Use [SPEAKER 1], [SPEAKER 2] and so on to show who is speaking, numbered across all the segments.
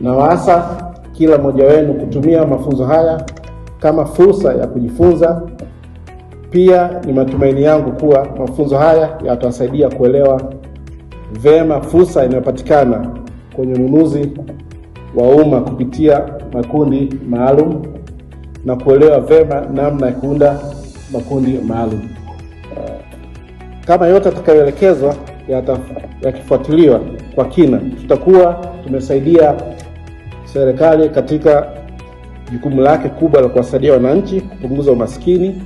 [SPEAKER 1] Nawaasa kila mmoja wenu kutumia mafunzo haya kama fursa ya kujifunza. Pia ni matumaini yangu kuwa mafunzo haya yatawasaidia kuelewa vema fursa inayopatikana kwenye ununuzi wa umma kupitia makundi maalum na kuelewa vema namna ya kuunda makundi maalum. Kama yote atakayoelekezwa yakifuatiliwa kwa kina, tutakuwa tumesaidia serikali katika jukumu lake kubwa la kuwasaidia wananchi kupunguza umaskini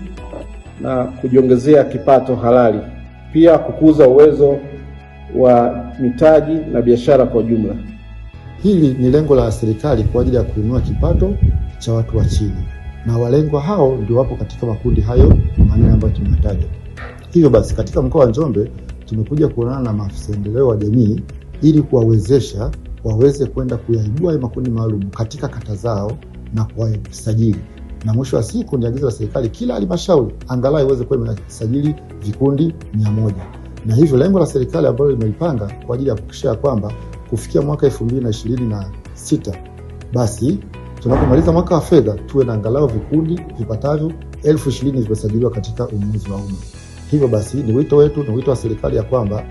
[SPEAKER 1] na kujiongezea kipato halali, pia kukuza uwezo wa mitaji na biashara kwa ujumla.
[SPEAKER 2] Hili ni lengo la serikali kwa ajili ya kuinua kipato cha watu wa chini, na walengwa hao ndio wapo katika makundi hayo manne ambayo tumetaja. Hivyo basi, katika mkoa wa Njombe tumekuja kuonana na maafisa endeleo wa jamii ili kuwawezesha waweze kwenda kuyaibua hayo makundi maalum katika kata zao na kuwasajili, na mwisho wa siku ni agizo la serikali, kila halmashauri angalau iweze kuwa imesajili vikundi mia moja na hivyo lengo la serikali ambalo limeipanga kwa ajili ya kuhakikisha kwamba kufikia mwaka elfu mbili na ishirini na sita basi tunapomaliza mwaka wa fedha tuwe na angalau vikundi vipatavyo elfu ishirini vimesajiliwa katika ununuzi wa umma. Hivyo basi ni wito wetu, ni wito wa serikali ya kwamba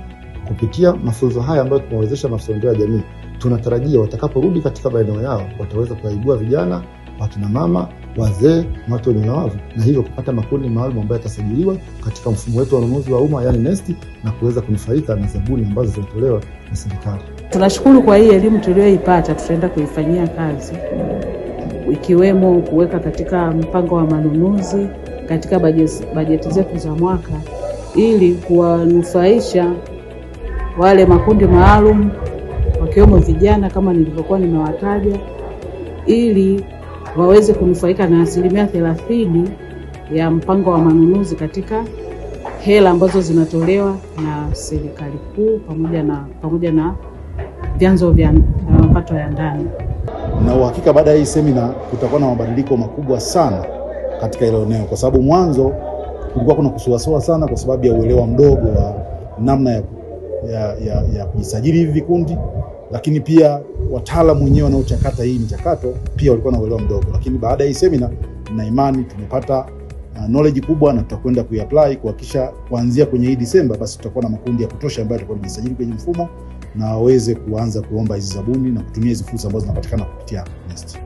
[SPEAKER 2] Kupitia mafunzo haya ambayo tumewawezesha maafisa maendeleo ya jamii, tunatarajia watakaporudi katika maeneo yao wataweza kuwaibua vijana, wakina mama, wazee na watu wenye ulemavu, na hivyo kupata makundi maalum ambayo yatasajiliwa katika mfumo wetu wa ununuzi wa umma yani NeST, na kuweza kunufaika na zabuni ambazo zinatolewa na serikali.
[SPEAKER 3] Tunashukuru kwa hii elimu tuliyoipata, tutaenda kuifanyia kazi, ikiwemo kuweka katika mpango wa manunuzi katika bajeti zetu za mwaka ili kuwanufaisha wale makundi maalum wakiwemo vijana kama nilivyokuwa nimewataja, ili waweze kunufaika na asilimia thelathini ya mpango wa manunuzi katika hela ambazo zinatolewa na serikali kuu pamoja na pamoja na vyanzo vya uh, mapato ya ndani.
[SPEAKER 4] Na uhakika baada ya hii semina kutakuwa na mabadiliko makubwa sana katika hilo eneo, kwa sababu mwanzo kulikuwa kuna kusuasua sana kwa sababu ya uelewa mdogo wa namna ya ya, ya, ya kujisajili hivi vikundi, lakini pia wataalamu wenyewe wanaochakata hii mchakato pia walikuwa na uelewa mdogo, lakini baada ya hii semina na imani tumepata uh, knowledge kubwa na tutakwenda kuiapply kuhakikisha kuanzia kwenye hii Disemba basi tutakuwa na makundi ya kutosha ambayo yatakuwa yamejisajili kwenye mfumo na waweze kuanza kuomba hizi zabuni na kutumia hizi fursa ambazo zinapatikana kupitia NeST.